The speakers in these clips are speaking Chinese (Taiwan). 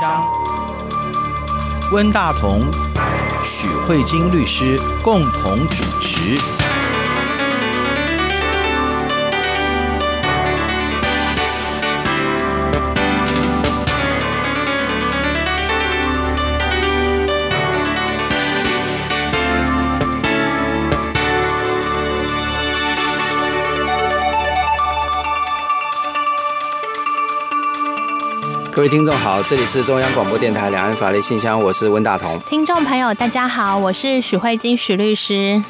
張溫大同、許慧晶律師共同主持。各位聽眾好，這裡是中央廣播電台兩岸法律信箱，我是溫大同。聽眾朋友大家好，我是許慧金，許律師。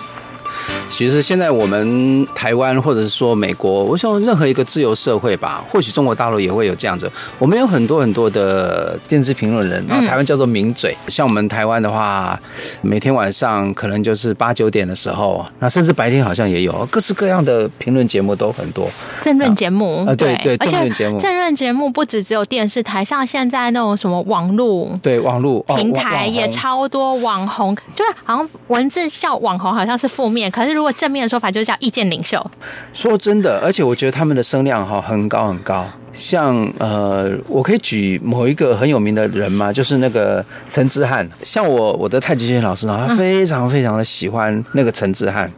其實現在我們台灣，或者是說美國，我想任何一個自由社會吧，或許中國大陸也會有這樣子。我們有很多很多的電視評論人，然後台灣叫做名嘴、嗯。像我們台灣的話，每天晚上可能就是八九點的時候，那甚至白天好像也有各式各樣的評論節目都很多。政論節目啊，對對，對，而且政論節目，政論節目不只只有電視台，像現在那種什麼網絡對，對網絡平台也超多網紅，哦、網紅就是好像文字效網紅好像是負面， 可是如果。正面的說法就是叫意見領袖。說真的，而且我覺得他們的聲量哈很高很高。像呃，我可以舉某一個很有名的人嘛，就是那個陳之漢。像我我的太極拳老師，他非常非常的喜歡那個陳之漢。嗯。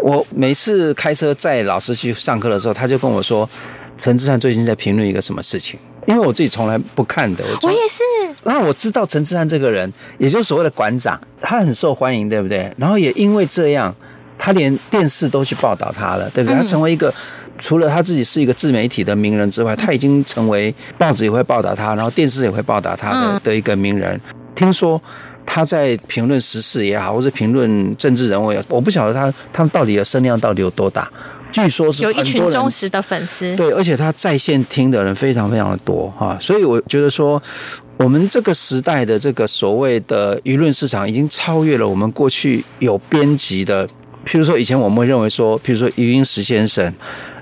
我每次開車載老師去上課的時候，他就跟我說，陳之漢最近在評論一個什麼事情。因為我自己從來不看的。我，我也是。那我知道陳之漢這個人，也就是所謂的館長，他很受歡迎，對不對？然後也因為這樣。他連電視都去報道他了，對不對？嗯、他成為一個除了他自己是一個自媒體的名人之外，他已經成為報紙也會報道他，然後電視也會報道他的的一個名人，嗯。聽說他在評論時事也好，或者評論政治人物也好，我不曉得他他們到底的聲量到底有多大。據說是有一群忠實的粉絲，對，而且他在線聽的人非常非常的多哈。所以我覺得說，我們這個時代的這個所謂的輿論市場已經超越了我們過去有編輯的。譬如說，以前我們會認為說，譬如說余英時先生，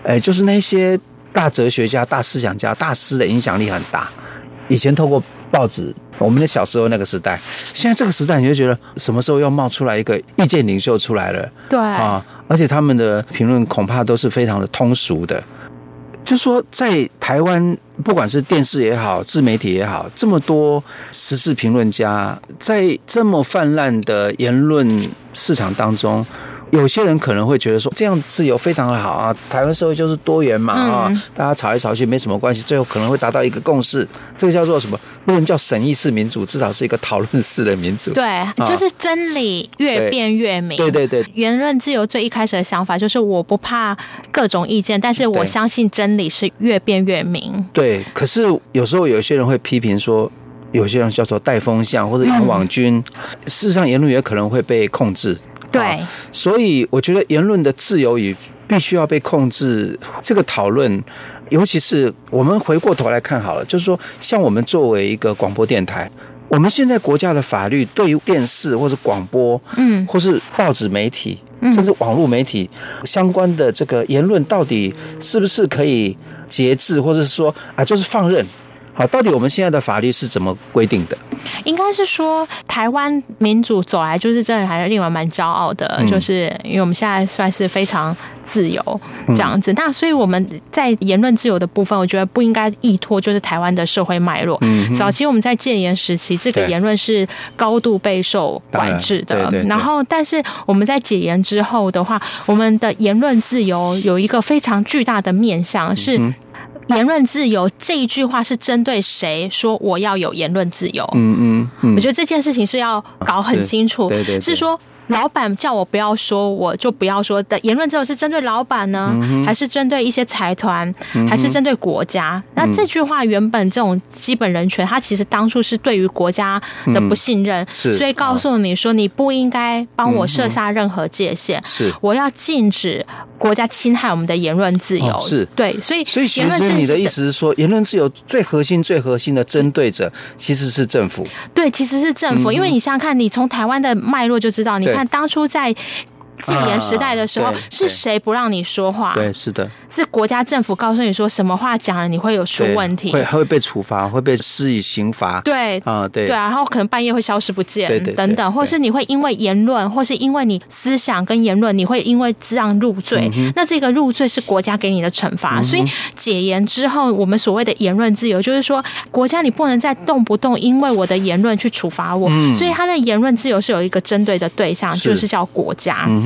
哎，就是那些大哲學家、大思想家、大師的影響力很大。以前透過報紙，我們的小時候那個時代，現在這個時代，你就覺得什麼時候又冒出來一個意見領袖出來了？對啊，而且他們的評論恐怕都是非常的通俗的。就是說在台灣，不管是電視也好，自媒體也好，這麼多時事評論家，在這麼氾濫的言論市場當中。有些人可能會覺得說，這樣自由非常的好啊！台灣社會就是多元嘛啊，嗯、大家吵來吵去沒什麼關係，最後可能會達到一個共識。這個叫做什麼？不能叫審議式民主，至少是一個討論式的民主。對，啊、就是真理越辯越明對。對對對，言論自由最一開始的想法就是我不怕各種意見，但是我相信真理是越辯越明對。對，可是有時候有一些人會批評說，有些人叫做帶風向或者養網軍、嗯，事實上言論也可能會被控制。對，所以我覺得言論的自由與必須要被控制這個討論，尤其是我們回過頭來看好了，就是說，像我們作為一個廣播電台，我們現在國家的法律對於電視或者廣播，嗯，或是報紙媒體，甚至網絡媒體相關的這個言論，到底是不是可以節制，或者是說啊，就是放任？好，到底我們現在的法律是怎麼規定的？應該是說，台灣民主走來就是真的還是另外蠻驕傲的、嗯，就是因為我們現在算是非常自由、嗯、這樣子。那所以我們在言論自由的部分，我覺得不應該依託就是台灣的社會脈絡。嗯，早期我們在戒嚴時期，這個言論是高度備受管制的。然，對對對然後，但是我們在解嚴之後的話，我們的言論自由有一個非常巨大的面向、嗯、是。言論自由這一句話是針對誰說？我要有言論自由。嗯嗯，嗯，我覺得這件事情是要搞很清楚，啊，是。對對對，是說。老闆叫我不要說，我就不要說的言論自由是針對老闆呢？嗯，還是針對一些財團？嗯，還是針對國家？嗯？那這句話原本這種基本人權，它其實當初是對於國家的不信任，嗯、是，所以告訴你說你不應該幫我設下任何界限。嗯。是，我要禁止國家侵害我們的言論自由。哦。是，對，所以所以你的意思是說，言論自由最核心、最核心的針對者其實是政府。對，其實是政府，嗯、因為你想想看，你從台灣的脈絡就知道你。那當初在。戒嚴時代的時候，啊、是誰不讓你說話對？對，是的，是國家政府告訴你說什麼話講了你會有出問題，對，會會被處罰，會被施以刑罰。對啊，對，對，然後可能半夜會消失不見，對對對，等等，或是你會因為言論，或是因為你思想跟言論，你會因為這樣入罪，嗯。那這個入罪是國家給你的懲罰，嗯。所以解嚴之後，我們所謂的言論自由，就是說國家你不能再動不動因為我的言論去處罰我，嗯。所以他的言論自由是有一個針對的對象，就是叫國家。嗯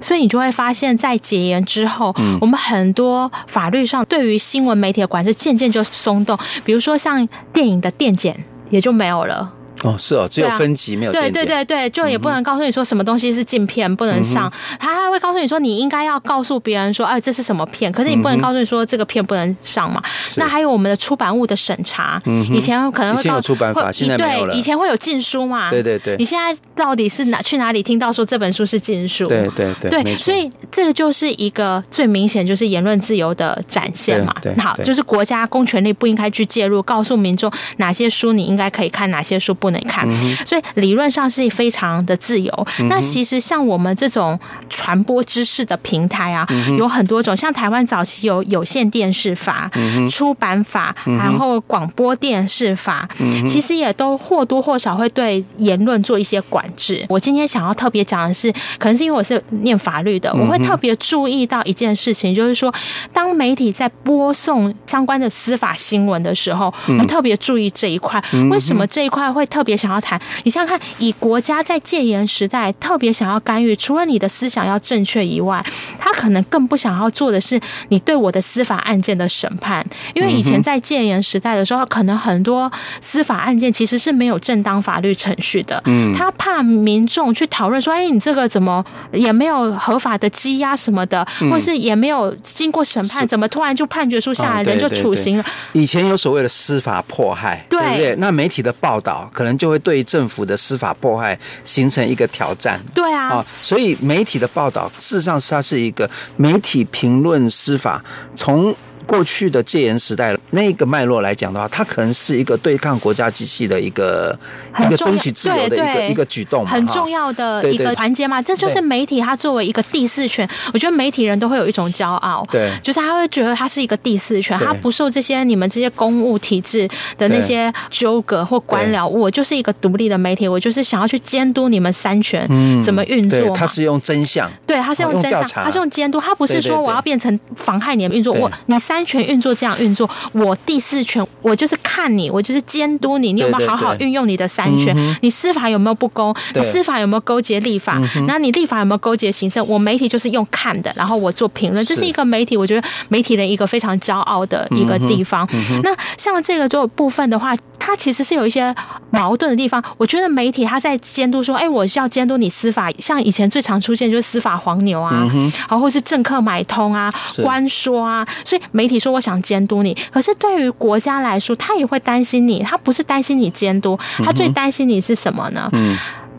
所以你就會發現，在解嚴之後、嗯，我們很多法律上對於新聞媒體的管制漸漸就鬆動，比如說像電影的電檢也就沒有了。哦，是哦，只有分級沒有。對對對對，就也不能告訴你說什麼東西是禁片、嗯、不能上，他還會告訴你說你應該要告訴別人說，哎，這是什麼片？可是你不能告訴你說這個片不能上嘛。嗯、那還有我們的出版物的審查，嗯、以前可能會到出版法會，現在沒有了，以前會有禁書嘛。對對對，你現在到底是哪去哪裡聽到說這本書是禁書？對對對，對，所以這個就是一個最明顯就是言論自由的展現嘛。對對對好，就是國家公權力不應該去介入。對對對，告訴民眾哪些書你應該可以看，哪些書不。你看，所以理論上是非常的自由。那、嗯、其實像我們這種傳播知識的平台啊，嗯、有很多種。像台灣早期有有線電視法、嗯、出版法，嗯、然後廣播電視法、嗯，其實也都或多或少會對言論做一些管制。我今天想要特別講的是，可能是因為我是念法律的，我會特別注意到一件事情、嗯，就是說，當媒體在播送相關的司法新聞的時候，我特別注意這一塊、嗯。為什麼這一塊會特？特別想要談，你想想看，以國家在戒嚴時代特別想要干預，除了你的思想要正確以外，他可能更不想要做的是你對我的司法案件的審判，因為以前在戒嚴時代的時候，可能很多司法案件其實是沒有正當法律程序的。嗯，他怕民眾去討論說，哎，你這個怎麼也沒有合法的羈押什麼的，或是也沒有經過審判，嗯，怎麼突然就判決書下來，人就處刑了？嗯，對對對，以前有所謂的司法迫害，對不對，對？那媒體的報道可能。就會對政府的司法迫害形成一個挑戰。對啊，所以媒體的報道，事實上它是，是一個媒體評論司法從，過去的戒嚴時代那個脈絡來講的話，它可能是一個對抗國家機器的一個一個爭取自由的一個對對對一個舉動，很重要的一個環節嘛對對對。這就是媒體，它作為一個第四權對對對。我覺得媒體人都會有一種驕傲，對，就是他會覺得他是一個第四權，他不受這些你們這些公務體制的那些糾葛或官僚，我就是一個獨立的媒體，我就是想要去監督你們三權怎麼運作，嗯對。他是用真相，對，他是用真相，啊、他是用監督，他不是說我要變成妨害你們運作，對對對我你三。三權運作這樣運作，我第四權，我就是看你，我就是監督你，你有沒有好好運用你的三權對對對、嗯？你司法有沒有不公？你司法有沒有勾結立法？嗯、那你立法有沒有勾結行政？我媒體就是用看的，然後我做評論，這是，就是一個媒體，我覺得媒體的一個非常驕傲的一個地方。嗯嗯、那像這個做部分的話，它其實是有一些矛盾的地方。我覺得媒體它在監督說，哎、欸，我需要監督你司法，像以前最常出現就是司法黃牛啊，然、嗯、後是政客買通啊、官說啊，所以媒體你說我想監督你，可是對於國家來說，他也會擔心你。他不是擔心你監督，他、嗯、最擔心你是什麼呢？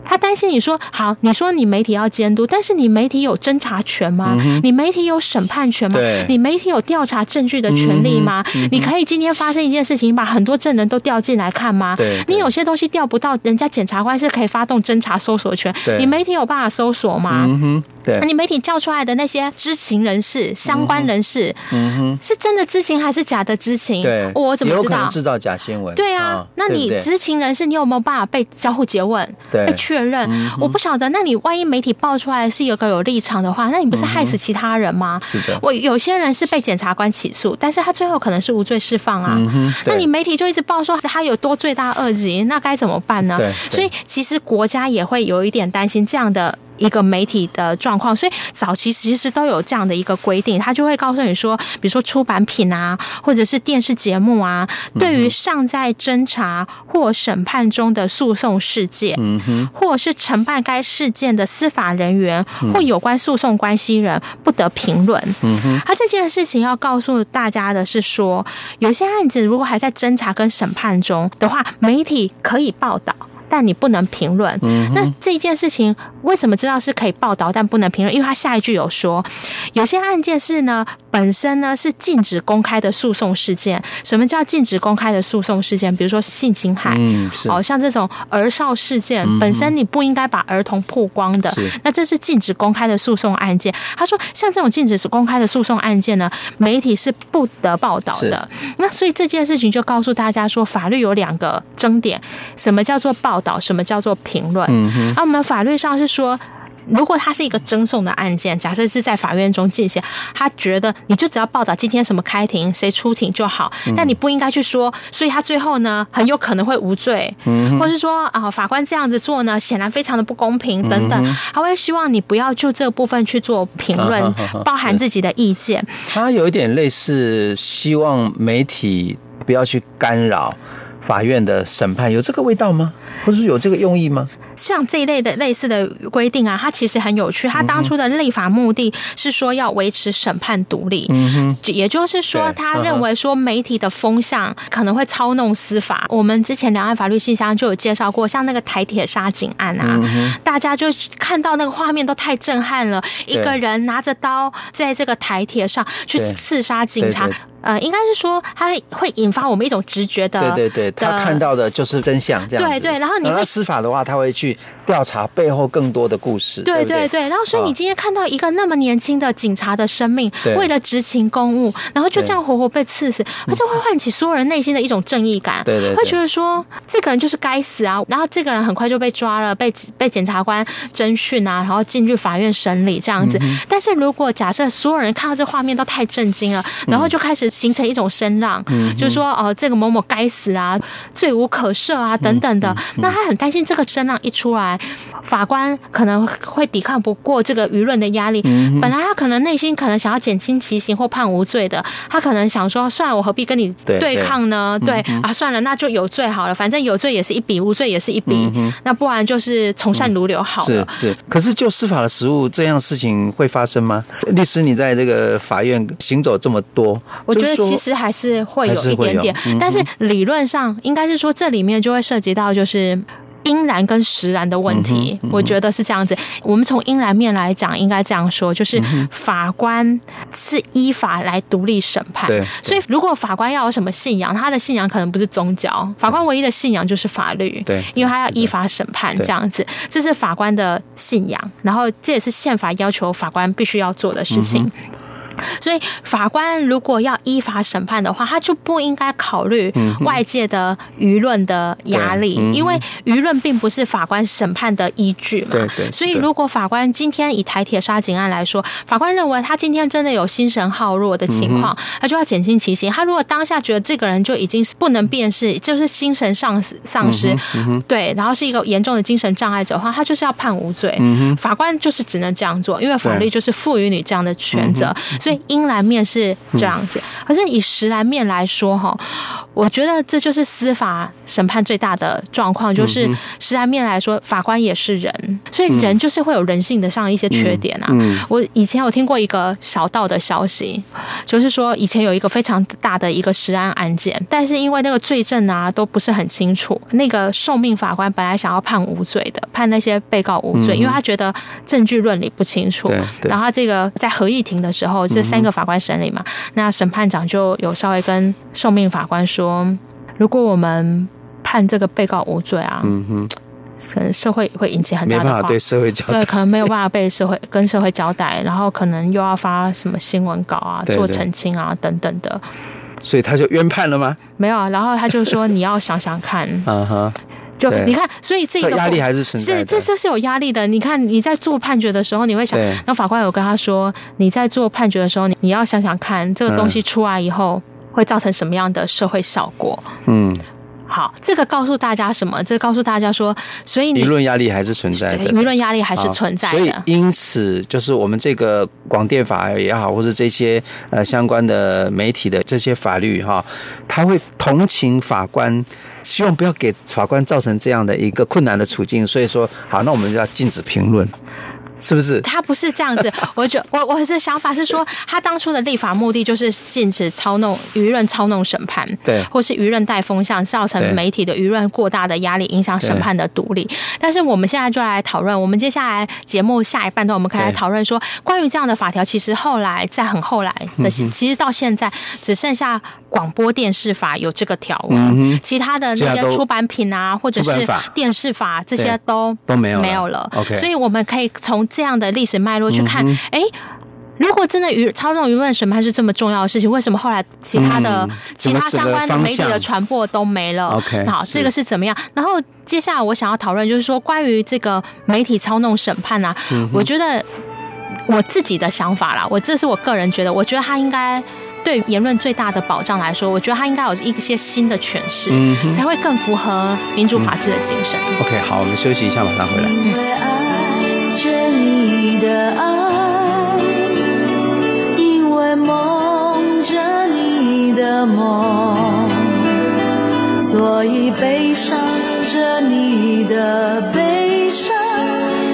他、嗯、擔心你說好，你說你媒體要監督，但是你媒體有偵查權嗎、嗯？你媒體有審判權嗎？你媒體有調查證據的權利嗎、嗯嗯？你可以今天發生一件事情，把很多證人都調進來看嗎？對對對，你有些東西調不到，人家檢察官是可以發動偵查搜索權，你媒體有辦法搜索嗎？嗯那你媒體叫出來的那些知情人士、嗯、相關人士，嗯哼，是真的知情還是假的知情？對，我怎麼知道？有可能製造假新聞。對啊、哦，那你知情人士，你有沒有辦法被相互詰問、對，被確認、嗯？我不曉得。那你萬一媒體爆出來是有個有立場的話，那你不是害死其他人嗎？是、嗯、的。我有些人是被檢察官起訴，但是他最後可能是無罪釋放啊、嗯。那你媒體就一直報說他有多罪大惡極，那該怎麼辦呢？對對？所以其實國家也會有一點擔心這樣的。一個媒體的狀況，所以早期其實都有這樣的一個規定，它就會告訴你說，比如說出版品啊，或者是電視節目啊，對於尚在偵查或審判中的訴訟事件，嗯哼，或是承辦該事件的司法人員或有關訴訟關係人，嗯，不得評論，嗯哼，而這件事情要告訴大家的是說，有些案子，如果還在偵查跟審判中的話，媒體可以報道。但你不能評論、嗯。那這一件事情為什麼知道是可以報道，但不能評論？因為他下一句有說，有些案件是呢，本身呢是禁止公開的訴訟事件。什麼叫禁止公開的訴訟事件？比如說性侵害，嗯，哦，像這種兒少事件，嗯、本身你不應該把兒童曝光的。那這是禁止公開的訴訟案件。他說，像這種禁止公開的訴訟案件呢，媒體是不得報道的。那所以這件事情就告訴大家說，法律有兩個爭點。什麼叫做報？導？什麼叫做評論？嗯哼，而我們法律上是說，如果他是一個爭訟的案件，假設是在法院中進行，他覺得你就只要報道今天什麼開庭，誰出庭就好，但你不應該去說，所以他最後呢，很有可能會無罪，嗯，或者是說啊、哦，法官這樣子做呢，顯然非常的不公平等等、嗯，他會希望你不要就這個部分去做評論、啊啊啊啊，包含自己的意見，他有一點類似希望媒體不要去干擾。法院的審判有這個味道嗎？或是有這個用意嗎？像這一類的類似的規定啊，它其實很有趣。它當初的立法目的是說要維持審判獨立，嗯哼，也就是說，他、嗯、認為說媒體的風向可能會操弄司法、嗯。我們之前兩岸法律信箱就有介紹過，像那個台鐵殺警案啊，嗯、大家就看到那個畫面都太震撼了、嗯，一個人拿着刀在這個台鐵上去刺殺警察。嗯呃、嗯，應該是說他會引發我們一種直覺的，對對對，他看到的就是真相這樣子。對對，對，然後你要司法的話，他會去調查背後更多的故事對對對對對。對對對，然後所以你今天看到一個那麼年輕的警察的生命，為了執行公務，然後就這樣活活被刺死，而且會喚起所有人內心的一種正義感。對對，對，會覺得說這個人就是該死啊，然後這個人很快就被抓了，被被檢察官偵訊啊，然後進去法院審理這樣子、嗯。但是如果假設所有人看到這畫面都太震驚了，然後就開始。形成一種聲浪、嗯，就是說，哦、呃，這個某某該死啊，罪無可赦啊，等等的。嗯、那他很擔心，這個聲浪一出來，法官可能會抵抗不過這個輿論的壓力。嗯、本來他可能內心可能想要減輕其刑或判無罪的，他可能想說，算了，我何必跟你對抗呢？對,對,對、嗯、啊，算了，那就有罪好了，反正有罪也是一筆，無罪也是一筆，嗯、那不然就是從善如流好了。嗯、是,是，可是就司法的實務，這樣事情會發生嗎？啊、律師，你在這個法院行走這麼多，我。覺得其實還是會有一點點，但是理論上應該是說，這裡面就會涉及到就是應然跟實然的問題。我覺得是這樣子。我們從應然面來講，應該這樣說，就是法官是依法來獨立審判。對，所以如果法官要有什麼信仰，他的信仰可能不是宗教。法官唯一的信仰就是法律。對，因為他要依法審判這樣子，這是法官的信仰，然後這也是憲法要求法官必須要做的事情。所以，法官如果要依法審判的話，他就不應該考慮外界的輿論的壓力，嗯、因為輿論並不是法官審判的依據嘛。對，對。所以，如果法官今天以台鐵殺警案來說，法官認為他今天真的有精神耗弱的情況，嗯、他就要減輕其刑。他如果當下覺得這個人就已經不能辨識，就是精神喪失喪失、嗯嗯，對，然後是一個嚴重的精神障礙者的話，他就是要判無罪。嗯、法官就是只能這樣做，因為法律就是賦予你這樣的權責，嗯、所以。應然面是這樣子，可是以實然面來說哈，我覺得這就是司法審判最大的狀況，就是實然面來說，法官也是人，所以人就是會有人性的上一些缺點啊、嗯嗯。我以前有聽過一個小道的消息，就是說以前有一個非常大的一個實案案件，但是因為那個罪證啊都不是很清楚，那個受命法官本來想要判無罪的，判那些被告無罪，因為他覺得證據論理不清楚、嗯嗯。然後這個在合議庭的時候、嗯就是三個法官審理嘛，那審判長就有稍微跟受命法官說，如果我們判這個被告無罪啊，嗯哼，可能社會會引起很大的，沒辦法對社會交代，對，可能沒有辦法被社會 跟社會交代，然後可能又要發什麼新聞稿啊，做澄清啊，對對，等等的，所以他就冤判了嗎？沒有啊，然後他就說，你要想想看， uh-huh. 就你看對，所以這個這壓力還是存在的。是，這就是有壓力的。你看你在做判決的時候，你會想，那法官有跟他說，你在做判決的時候，你要想想看，這個東西出來以後、嗯、會造成什麼樣的社會效果。嗯。好，這個告訴大家什麼？這個告訴大家說，所以輿論壓力還是存在的，輿論壓力還是存在的。所以，因此，就是我們這個廣電法也好，或者這些呃相關的媒體的這些法律哈、哦，他會同情法官，希望不要給法官造成這樣的一個困難的處境。所以說，好，那我們就要禁止評論。是不是？他不是這樣子。我覺我我是想法是說，他當初的立法目的就是禁止操弄輿論、操弄審判，對，或是輿論帶風向，造成媒體的輿論過大的壓力，影響審判的獨立。但是我們現在就來討論，我們接下來節目下一半段，我們可以來討論說，關於這樣的法條，其實後來在很後來的、嗯，其實到現在只剩下廣播電視法有這個條文、嗯，其他的那些出版品啊，或者是電視法這些都都沒有沒有了、OK。所以我們可以從這樣的歷史脈絡去看，哎、嗯欸，如果真的輿操弄輿論審判是這麼重要的事情，為什麼後來其他的、嗯、其他相關的媒體的傳播都沒了？OK，好，這個是怎麼樣？然後接下來我想要討論就是說，關於這個媒體操弄審判啊、嗯，我覺得我自己的想法啦，我這是我個人覺得，我覺得他應該對言論最大的保障來說，我覺得他應該有一些新的詮釋、嗯，才會更符合民主法治的精神、嗯嗯。OK，好，我們休息一下，馬上回來。嗯的愛，因為夢着你的夢，所以悲傷着你的悲傷，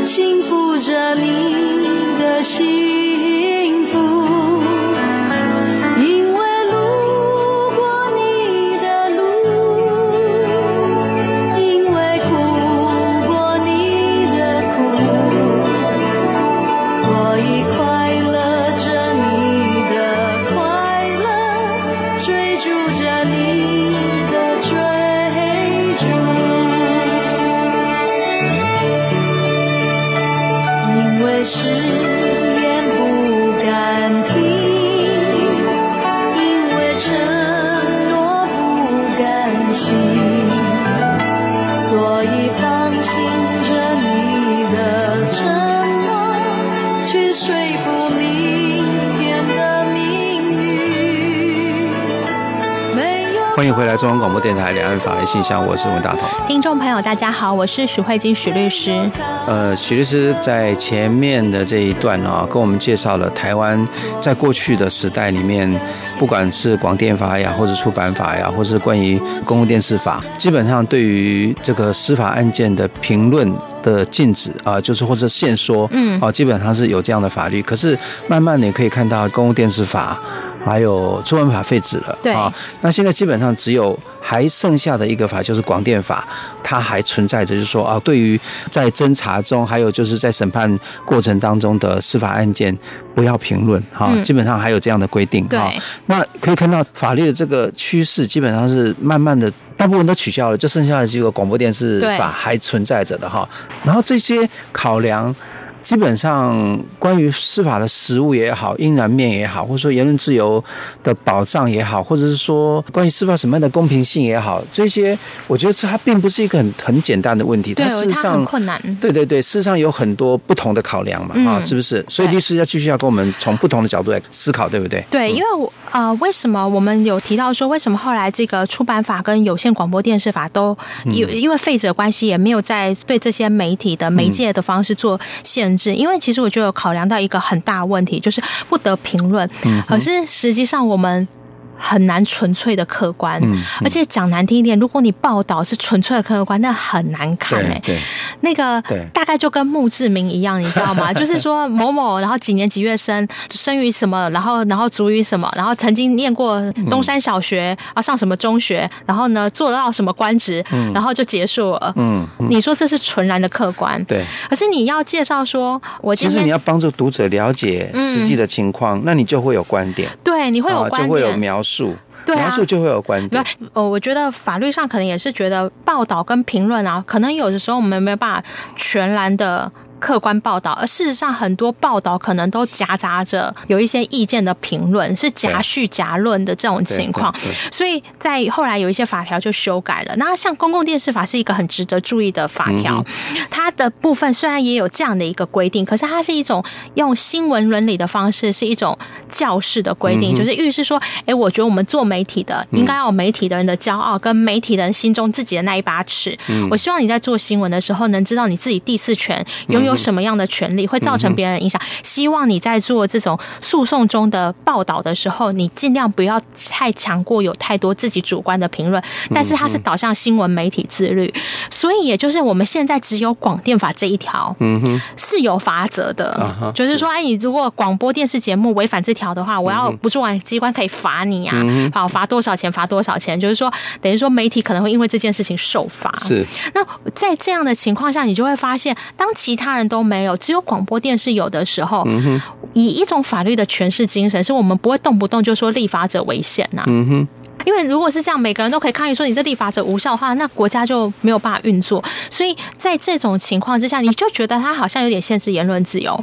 幸福着你的心。來中央廣播電台兩岸法律信箱，我是文大同。聽眾朋友，大家好，我是許慧金許律師。呃，許律師在前面的這一段啊、哦，跟我們介紹了台灣在過去的時代裡面，不管是廣電法呀，或者是出版法呀，或是關於公共電視法，基本上對於這個司法案件的評論的禁止啊、呃，就是或者限縮，嗯，啊、呃，基本上是有這樣的法律。可是慢慢你可以看到公共電視法。還有出版法廢止了，對啊、哦，那現在基本上只有還剩下的一個法就是廣電法，它還存在着，就是說啊、哦，對於在偵查中，還有就是在審判過程當中的司法案件，不要評論哈、哦，基本上還有這樣的規定哈、嗯哦。那可以看到法律的這個趨勢，基本上是慢慢的大部分都取消了，就剩下的幾個廣播電視法還存在着的哈。然後這些考量。基本上，關於司法的實務也好，應然面也好，或者說言論自由的保障也好，或者是說關於司法什麼樣的公平性也好，這些，我覺得是它並不是一個很很簡單的問題。它對，是它很困難。對對對，事實上有很多不同的考量嘛，啊、嗯，是不是？所以律師要繼續要跟我們從不同的角度來思考，對不對？對，因為啊、呃，為什麼我們有提到說，為什麼後來這個出版法跟有線廣播電視法都因、嗯、因為廢止的關係，也沒有在對這些媒體的媒介的方式做限制。嗯嗯因為其實我就有考量到一個很大問題，就是不得評論。可、嗯、是實際上我們。很難純粹的客觀，嗯嗯、而且講難聽一點，如果你報道是純粹的客觀，那很難看、欸、對，對。那個大概就跟墓誌銘一樣，你知道嗎？ 就是說某某，然後幾年幾月生，生於什麼，然後然後卒於什麼，然後曾經念過東山小學，啊、嗯、上什麼中學，然後呢做到什麼官職、嗯，然後就結束了。嗯，嗯你說這是純然的客觀，對。可是你要介紹說我，我其實你要幫助讀者了解實際的情況、嗯，那你就會有觀點，對，你會有觀點就會有描述。數，對啊，數就會有觀點。不，呃，我覺得法律上可能也是覺得報道跟評論啊，可能有的時候我們沒有辦法全然的。客觀報道，而事實上很多報道可能都夾雜着有一些意見的評論，是夾敘夾論的這種情況。對對對對。所以，在後來有一些法條就修改了。那像公共電視法是一個很值得注意的法條、嗯，它的部分雖然也有這樣的一個規定，可是它是一種用新聞倫理的方式，是一種教示的規定、嗯，就是預示說，哎、欸，我覺得我們做媒體的、嗯、應該要有媒體的人的驕傲，跟媒體的人心中自己的那一把尺、嗯。我希望你在做新聞的時候，能知道你自己第四權有什麼樣的權利會造成別人影響、嗯？希望你在做這種訴訟中的報道的時候，你儘量不要太強過，有太多自己主觀的評論、嗯。但是它是導向新聞媒體自律，所以也就是我們現在只有廣電法這一條，嗯哼，是有罰則的、啊，就是說是，哎，你如果廣播電視節目違反這條的話，我要不主管機關可以罰你啊，嗯、好，罰多少錢？罰多少錢？就是說，等於說媒體可能會因為這件事情受罰。是，那在這樣的情況下，你就會發現，當其他人人都沒有，只有廣播電視有的時候，嗯、哼以一種法律的詮釋精神，是我們不會動不動就說立法者違憲吶。嗯哼因為如果是這樣，每個人都可以抗議說你這立法者無效的話，那國家就沒有辦法運作。所以在這種情況之下，你就覺得它好像有點限制言論自由，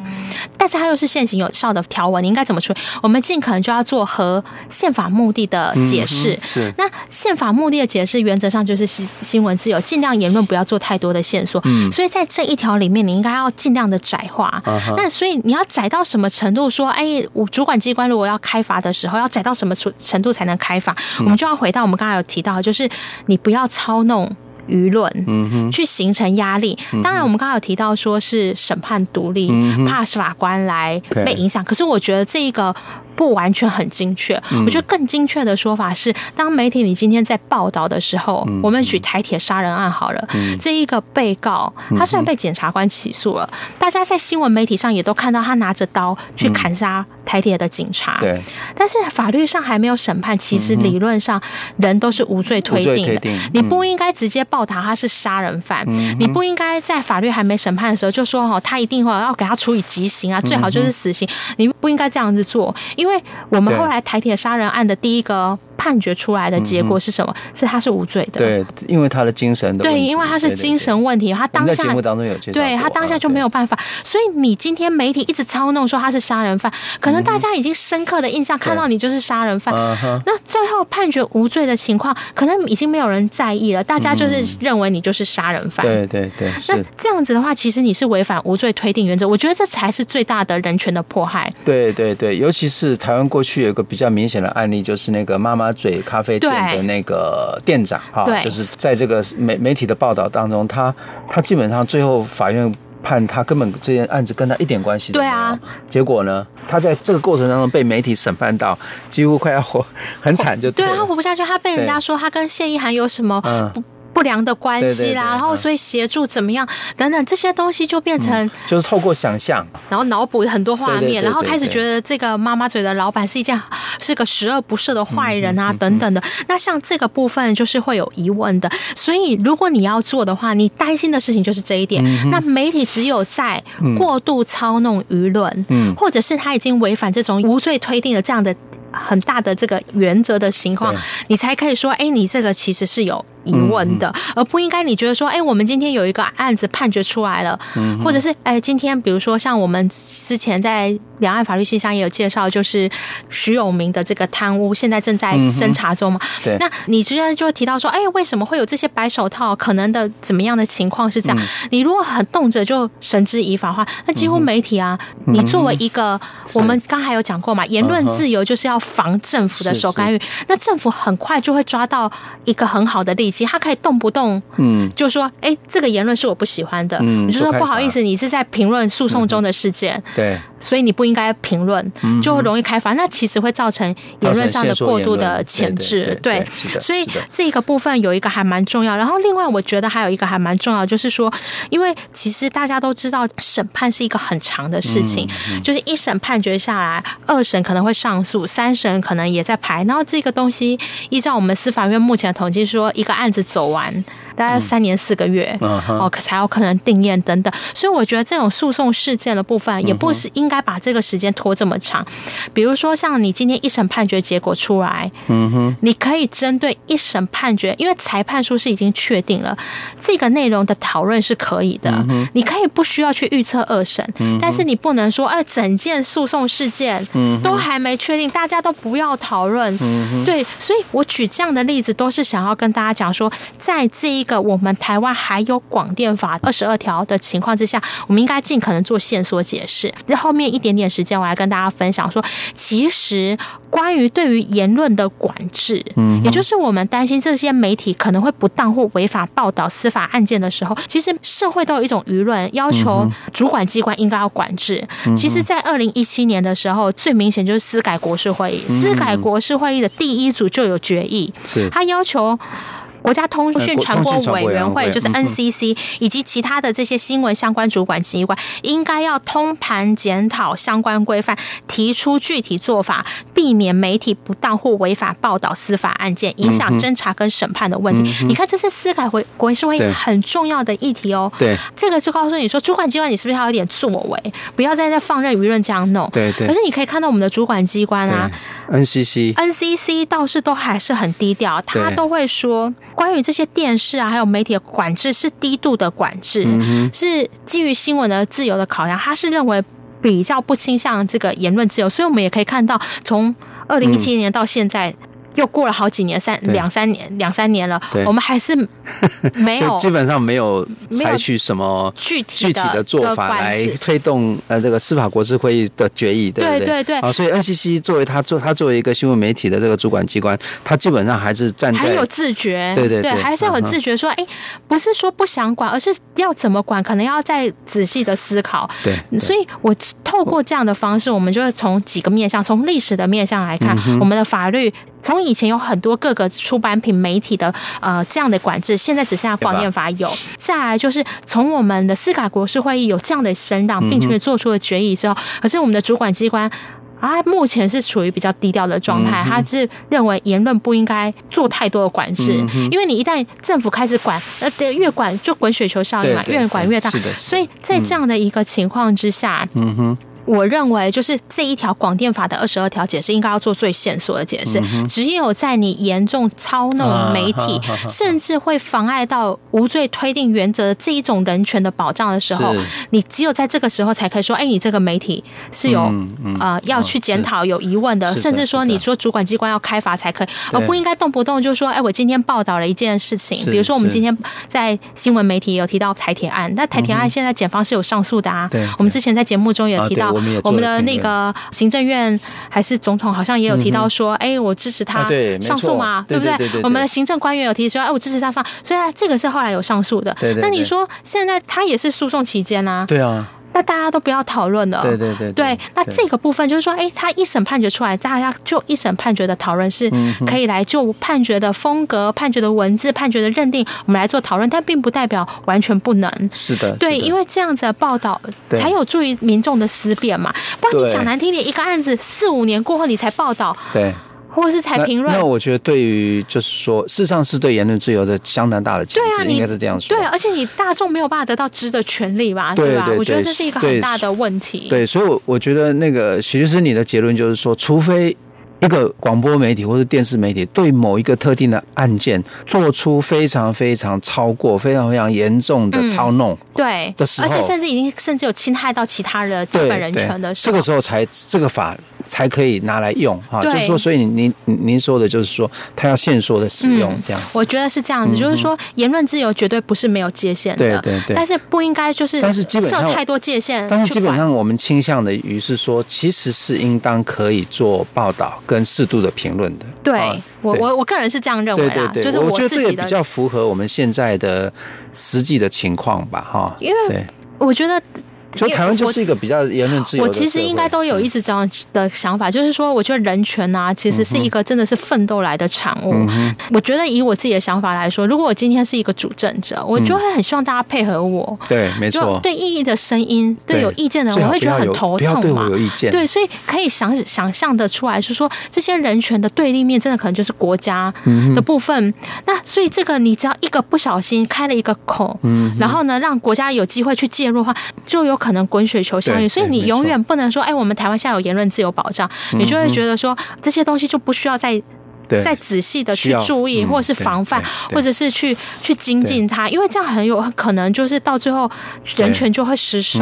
但是它又是現行有效的條文，你應該怎麼處理？我們盡可能就要做和憲法目的的解釋。嗯。是。那憲法目的的解釋原則上就是新新聞自由，盡量言論不要做太多的限縮。嗯。所以在這一條裡面，你應該要盡量的窄化。啊。那所以你要窄到什麼程度？說，哎、欸，我主管機關如果要開罰的時候，要窄到什麼程度才能開罰？嗯就要回到我們剛才有提到，就是你不要操弄輿論，嗯哼，去形成壓力。嗯。當然，我們剛才有提到說是審判獨立，嗯、怕是法官來被影響。嗯。可是，我覺得這一個。不完全很精確，我覺得更精確的說法是：當媒體你今天在報道的時候，我們舉台鐵殺人案好了，這一個被告他雖然被檢察官起訴了，大家在新聞媒體上也都看到他拿着刀去砍殺台鐵的警察，但是法律上還沒有審判，其實理論上人都是無罪推定的，你不應該直接報導他是殺人犯，你不應該在法律還沒審判的時候就說哦，他一定會要,要給他處以極刑啊，最好就是死刑，你不應該這樣子做，因為。因為我們後來台鐵殺人案的第一個。判決出來的結果是什麼、嗯嗯？是他是無罪的。對，因為他的精神的問題。對，因為他是精神問題，對對對他當下節目當中有介紹對他當下就沒有辦法。所以你今天媒體一直操弄說他是殺人犯，可能大家已經深刻的印象看到你就是殺人犯、嗯。那最後判決無罪的情況，可能已經沒有人在意了。嗯、大家就是認為你就是殺人犯。對對對。那這樣子的話，其實你是違反無罪推定原則。我覺得這才是最大的人權的迫害。對對對，尤其是台灣過去有個比較明顯的案例，就是那個媽媽。嘴咖啡店的那個店長哈，就是在這個媒媒體的報道當中，他他基本上最後法院判他根本這件案子跟他一點關係都沒有。對啊，結果呢，他在這個過程當中被媒體審判到幾乎快要活很慘就對啊，他活不下去。他被人家說他跟謝依涵有什麼不。不良的關係啦，然後所以協助怎麼樣、嗯、等等這些東西就變成就是透過想象，然後腦補很多畫面對對對對對，然後開始覺得這個媽媽嘴的老板是一件是個十惡不赦的壞人啊、嗯嗯、等等的。那像這個部分就是會有疑問的。所以如果你要做的話，你擔心的事情就是這一點。嗯、那媒體只有在過度操弄輿論、嗯，或者是他已經違反這種無罪推定的這樣的很大的這個原則的情況，嗯、你才可以說，哎，你這個其實是有。疑問的，嗯嗯，而不應該你覺得說，哎、欸，我們今天有一個案子判決出來了，嗯、或者是哎、欸，今天比如說像我們之前在兩岸法律信箱也有介紹，就是徐永明的這個貪汙現在正在偵查中嘛、嗯？對，那你之前就提到說，哎、欸，為什麼會有這些白手套？可能的怎麼樣的情況是這樣、嗯？你如果很動輒就繩之以法的話，那幾乎媒體啊，嗯、你作為一個，嗯、我們剛還有講過嘛，言論自由就是要防政府的手干預，那政府很快就會抓到一個很好的例子。其實他可以動不動，就說，哎、嗯欸，這個言論是我不喜歡的、嗯，你就說不好意思，意思你是在評論訴訟中的事件，嗯、對。所以你不應該評論，就會容易開罰，嗯、那其實會造成言論上的過度的鉗制，對，對，對，對，對。所以這個部分有一個還蠻重要。然後另外我覺得還有一個還蠻重要，就是說，因為其實大家都知道，審判是一個很長的事情，嗯，就是一審判決下來，二審可能會上訴，三審可能也在排。然後這個東西，依照我們司法院目前的統計說，一個案子走完。大概三年四個月哦、嗯啊，才有可能定讞等等，所以我覺得這種訴訟事件的部分，也不是應該把這個時間拖這麼長。嗯、比如說，像你今天一審判決結果出來，嗯、你可以針對一審判決，因為裁判書是已經確定了，這個內容的討論是可以的、嗯，你可以不需要去預測二審、嗯，但是你不能說，哎，整件訴訟事件都還沒確定，大家都不要討論、嗯。對，所以我舉這樣的例子，都是想要跟大家講說，在這一。個我們台灣還有廣電法二十二條的情況之下，我們應該盡可能做線索解釋。在後面一點點時間，我來跟大家分享說，其實關於對於言論的管制、嗯，也就是我們擔心這些媒體可能會不當或違法報道司法案件的時候，其實社會都有一種輿論要求主管機關應該要管制。嗯、其實，在二零一七年的時候，最明顯就是司改國是會議，司、嗯、改國是會議的第一組就有決議，是他要求。國家通訊傳播委員會就是 NCC，以及其他的這些新聞相關主管機關，應該要通盤檢討相關規範，提出具體做法，避免媒體不當或違法報道司法案件，影響偵查跟審判的問題。嗯嗯、你看這，這是司改國是會一個很重要的議題哦、喔。對，這個就告訴你說，主管機關你是不是要有點作為，不要再在放任輿論這樣弄？對對，對。可是你可以看到我們的主管機關啊，NCC，NCC NCC 倒是都還是很低調，他都會說。關於這些電視啊，還有媒體的管制是低度的管制、嗯，是基於新聞的自由的考量，他是認為比較不傾向這個言論自由，所以我們也可以看到，從二零一七年到現在。嗯又過了好幾年，三兩三年，兩三年了，我們還是沒有，就基本上沒有採取什麼具體具體的做法來推動呃這個司法國是會議的決議，對對，對，對對，對，所以 NCC 作為他作，他作為一個新聞媒體的這個主管機關，他基本上還是站在很有自覺，對對對，對還是要很自覺說，哎、嗯，欸，不是說不想管，而是要怎麼管，可能要再仔細的思考。對，對，對，所以我透過這樣的方式，我，我們就是從幾個面向，從歷史的面向來看、嗯、我們的法律，從。以前有很多各個出版品媒體的呃這樣的管制，現在只剩下廣電法有。再來就是從我們的司改國是會議有這樣的聲浪，並且做出了決議之後，而、嗯、且我們的主管機關啊，目前是處於比較低調的狀態，他、嗯、是認為言論不應該做太多的管制，嗯、因為你一旦政府開始管，呃，越管就滾雪球效應嘛，越管越大。是是所以，在這樣的一個情況之下，嗯哼。嗯哼我認為就是這一條《廣電法》的二十二條解釋應該要做最限縮的解釋，只有在你嚴重操弄媒體，甚至會妨礙到無罪推定原則這一種人權的保障的時候，你只有在這個時候才可以說：“哎，你這個媒體是有呃要去檢討、有疑問的，甚至說你說主管機關要開罰才可以，而不應該動不動就說：‘哎，我今天報道了一件事情，比如說我們今天在新聞媒體有提到台鐵案，那台鐵案現在檢方是有上訴的啊。’我們之前在節目中也提到。 ”對對對我們，我們的那個行政院還是總統，好像也有提到說，哎、嗯欸，我支持他上訴嘛、啊對，對不對，對，對，對，對，對？我們的行政官員有提出說，哎、欸，我支持他上，所以這個是後來有上訴的對對對。那你說現在他也是訴訟期間吶、啊？對啊。那大家都不要討論了。對對，對對對。那這個部分就是說，哎、欸，他一審判決出來，大家就一審判決的討論是可以來就判決的風格、判決的文字、判決的認定，我們來做討論。但並不代表完全不能。是的。是的對，因為這樣子的報道才有助於民眾的思辨嘛。不然你講難聽點，一個案子四五年過後你才報道。對。或者是才評論，那我覺得對於就是說，事實上是對言論自由的相當大的限制，啊，應該是這樣說。對，而且你大眾沒有辦法得到知的權利吧，對吧？我覺得這是一個很大的問題。對，對所以，我我覺得那個其實你的結論就是說，除非一個廣播媒體或者電視媒體對某一個特定的案件做出非常非常超過，非常非常嚴重的操弄的，嗯，對的而且甚至已經甚至有侵害到其他的基本人權的時候，這個時候才這個法。才可以拿來用哈，就是說，所以您您說的，就是說，他要限縮的使用這樣子。嗯。我覺得是這樣子，嗯、就是說，言論自由絕對不是沒有界限的，對對對、對。但是不應該就是是設太多界限，但。但是基本上，我們傾向的於是說，其實是應當可以做報道跟適度的評論的。對、啊、對我我我個人是這樣認為的。對對對對就是我，我覺得這也比較符合我們現在的實際的情況吧，哈。因為我覺得。所以台灣就是一個比較言論自由的我。我其實應該都有一直這樣的想法，嗯、就是說，我覺得人權啊，其實是一個真的是奮鬥來的產物、嗯。我覺得以我自己的想法來說，如果我今天是一個主政者，嗯、我就會很希望大家配合我。對，沒錯。就對異議的聲音，對有意見的人，我會覺得很頭痛嘛。不要對我有意見。對對，對，所以可以想想象的出來，是說這些人權的對立面，真的可能就是國家的部分。嗯、那所以這個，你只要一個不小心開了一個口，然後呢，讓國家有機會去介入的話，就有可可能滾雪球效應，所以你永遠不能說，哎，我們台灣現在有言論自由保障，嗯、你就會覺得說，這些東西就不需要再再仔細的去注意，嗯、或者是防範，或者是去去精進它，因為這樣很有可能就是到最後人權就會失守。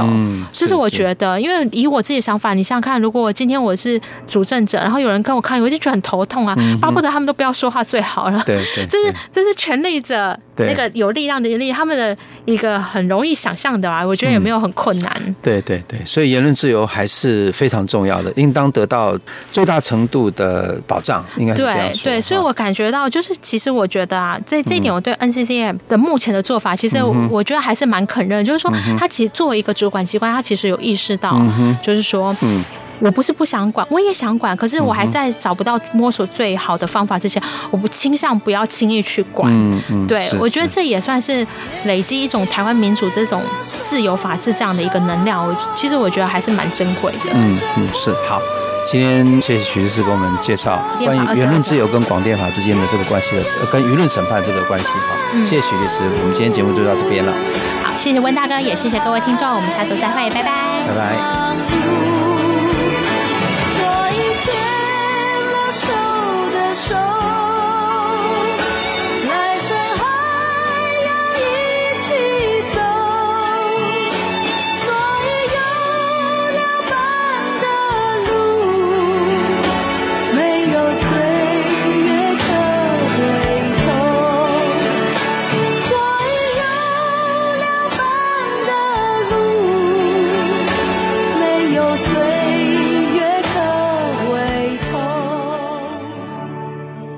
這是我覺得，因為以我自己的想法，你想想看，如果今天我是主政者，然後有人跟我抗議，我就覺得很頭痛啊，巴不得他們都不要說話最好了。對，對對，這是這是權力者。對那個有力量的力量，他們的一個很容易想象的啊，我覺得也沒有很困難、嗯。對對對，所以言論自由還是非常重要的，應當得到最大程度的保障。應該是這樣，對對，所以我感覺到，就是其實我覺得啊，這這一點，我對 NCCM 的目前的做法、嗯，其實我覺得還是蠻肯認、嗯，就是說，他其實作為一個主管機關，他其實有意識到，嗯、哼就是說。嗯我不是不想管，我也想管，可是我還在找不到摸索最好的方法之前，嗯、我不傾向不要輕易去管。嗯嗯，對我覺得這也算是累積一種台灣民主這種自由法治這樣的一個能量。我其實我覺得還是蠻珍貴的。嗯嗯，是好。今天謝謝徐律師給我們介紹關於言論自由跟廣電法之間的這個關係，跟輿論審判這個關係哈、嗯。謝謝徐律師，我們今天節目就到這邊了。好，謝謝溫大哥，也謝謝各位聽眾，我們下周再會，拜拜。拜拜。拜拜拜拜